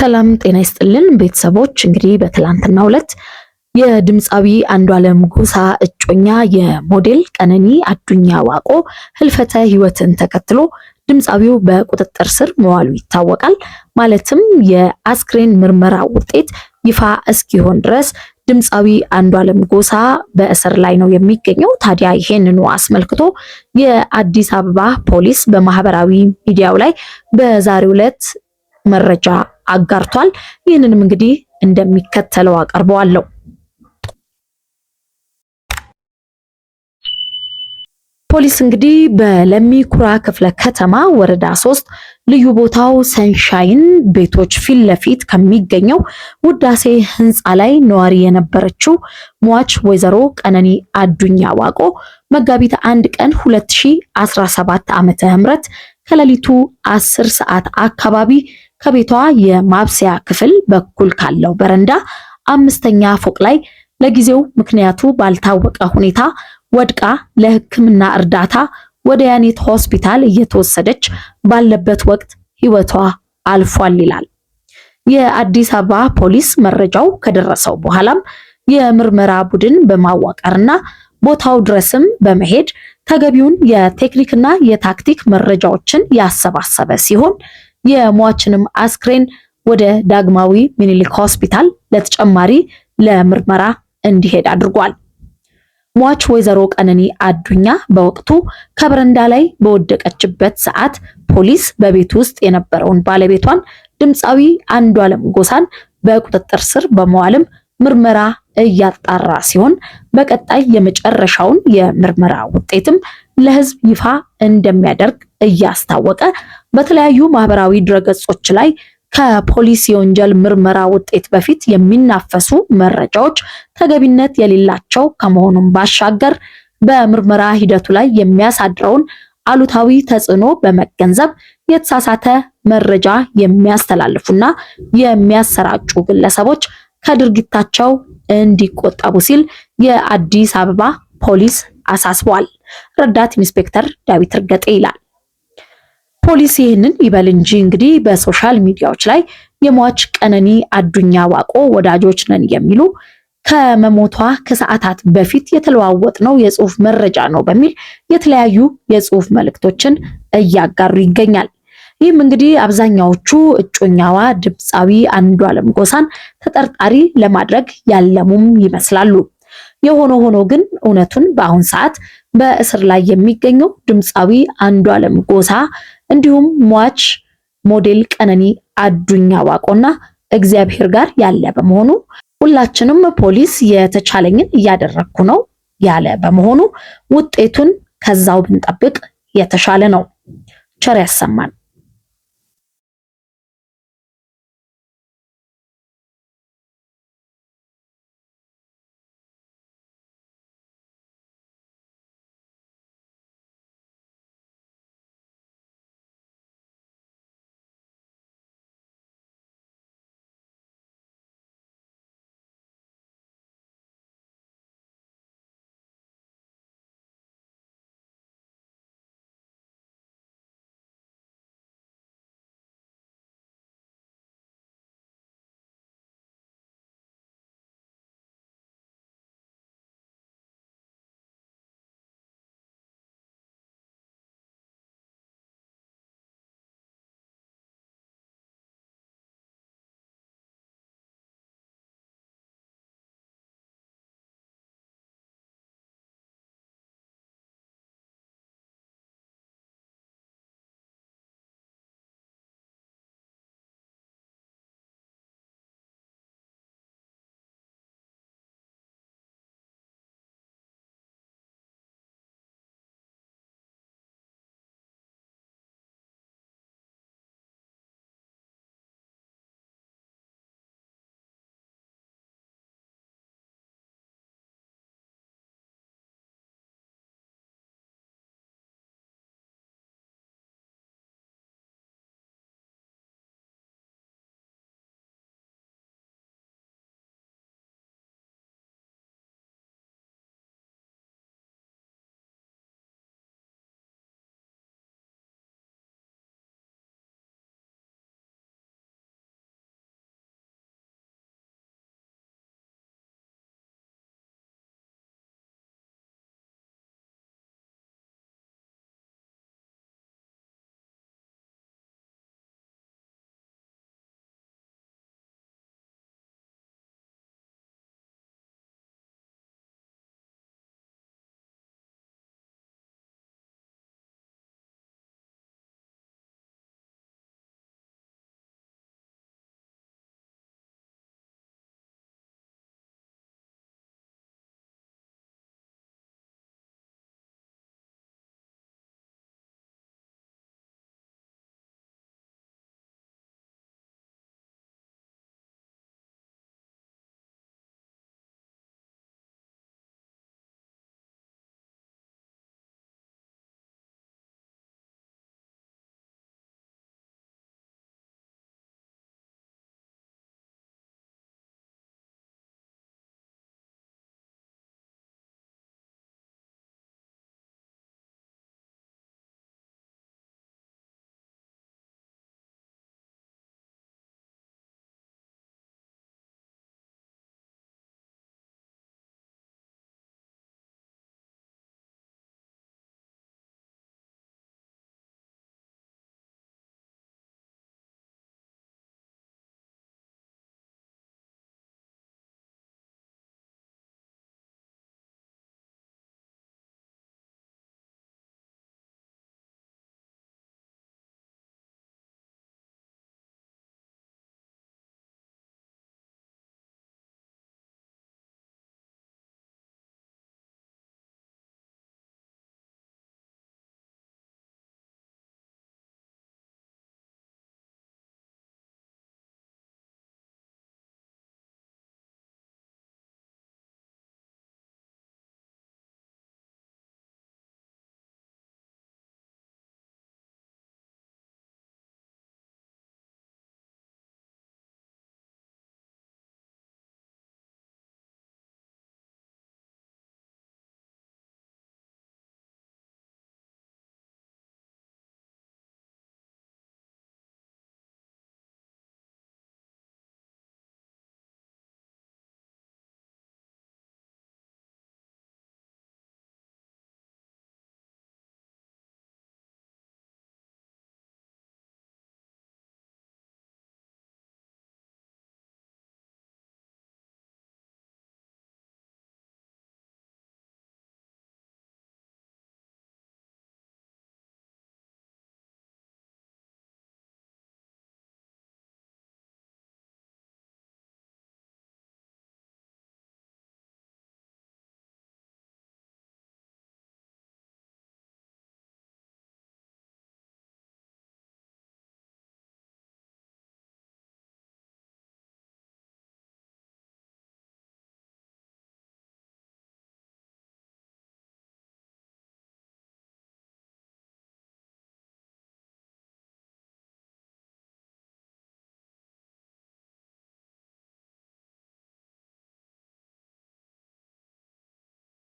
ሰላም ጤና ይስጥልን ቤተሰቦች። እንግዲህ በትላንትናው ዕለት የድምፃዊ አንዷለም ጎሳ እጮኛ የሞዴል ቀነኒ አዱኛ ዋቆ ህልፈተ ህይወትን ተከትሎ ድምፃዊው በቁጥጥር ስር መዋሉ ይታወቃል። ማለትም የአስክሬን ምርመራ ውጤት ይፋ እስኪሆን ድረስ ድምፃዊ አንዷለም ጎሳ በእስር ላይ ነው የሚገኘው። ታዲያ ይሄንኑ አስመልክቶ የአዲስ አበባ ፖሊስ በማህበራዊ ሚዲያው ላይ በዛሬው ዕለት መረጃ አጋርቷል። ይህንንም እንግዲህ እንደሚከተለው አቀርበዋለሁ። ፖሊስ እንግዲህ በለሚ ኩራ ክፍለ ከተማ ወረዳ ሶስት ልዩ ቦታው ሰንሻይን ቤቶች ፊት ለፊት ከሚገኘው ውዳሴ ህንፃ ላይ ነዋሪ የነበረችው ሟች ወይዘሮ ቀነኒ አዱኛ ዋቆ መጋቢት አንድ ቀን 2017 ዓመተ ምህረት ከሌሊቱ 10 ሰዓት አካባቢ ከቤቷ የማብሰያ ክፍል በኩል ካለው በረንዳ አምስተኛ ፎቅ ላይ ለጊዜው ምክንያቱ ባልታወቀ ሁኔታ ወድቃ ለሕክምና እርዳታ ወደ ያኔት ሆስፒታል እየተወሰደች ባለበት ወቅት ህይወቷ አልፏል ይላል። የአዲስ አበባ ፖሊስ መረጃው ከደረሰው በኋላም የምርመራ ቡድን በማዋቀርና ቦታው ድረስም በመሄድ ተገቢውን የቴክኒክና የታክቲክ መረጃዎችን ያሰባሰበ ሲሆን የሟችንም አስክሬን ወደ ዳግማዊ ሚኒሊክ ሆስፒታል ለተጨማሪ ለምርመራ እንዲሄድ አድርጓል። ሟች ወይዘሮ ቀነኒ አዱኛ በወቅቱ ከበረንዳ ላይ በወደቀችበት ሰዓት ፖሊስ በቤት ውስጥ የነበረውን ባለቤቷን ድምፃዊ አንዷለም ጎሳን በቁጥጥር ስር በመዋልም ምርመራ እያጣራ ሲሆን በቀጣይ የመጨረሻውን የምርመራ ውጤትም ለሕዝብ ይፋ እንደሚያደርግ እያስታወቀ በተለያዩ ማህበራዊ ድረገጾች ላይ ከፖሊስ የወንጀል ምርመራ ውጤት በፊት የሚናፈሱ መረጃዎች ተገቢነት የሌላቸው ከመሆኑም ባሻገር በምርመራ ሂደቱ ላይ የሚያሳድረውን አሉታዊ ተጽዕኖ በመገንዘብ የተሳሳተ መረጃ የሚያስተላልፉና የሚያሰራጩ ግለሰቦች ከድርጊታቸው እንዲቆጠቡ ሲል የአዲስ አበባ ፖሊስ አሳስቧል። ረዳት ኢንስፔክተር ዳዊት እርገጤ ይላል። ፖሊስ ይህንን ይበል እንጂ እንግዲህ በሶሻል ሚዲያዎች ላይ የሟች ቀነኒ አዱኛ ዋቆ ወዳጆች ነን የሚሉ ከመሞቷ ከሰዓታት በፊት የተለዋወጥነው የጽሁፍ መረጃ ነው በሚል የተለያዩ የጽሁፍ መልእክቶችን እያጋሩ ይገኛል። ይህም እንግዲህ አብዛኛዎቹ እጮኛዋ ድምፃዊ አንዷለም ጎሳን ተጠርጣሪ ለማድረግ ያለሙም ይመስላሉ። የሆነ ሆኖ ግን እውነቱን በአሁን ሰዓት በእስር ላይ የሚገኘው ድምፃዊ አንዷለም ጎሳ እንዲሁም ሟች ሞዴል ቀነኒ አዱኛ ዋቆና እግዚአብሔር ጋር ያለ በመሆኑ ሁላችንም ፖሊስ የተቻለኝን እያደረግኩ ነው ያለ በመሆኑ ውጤቱን ከዛው ብንጠብቅ የተሻለ ነው። ቸር ያሰማን።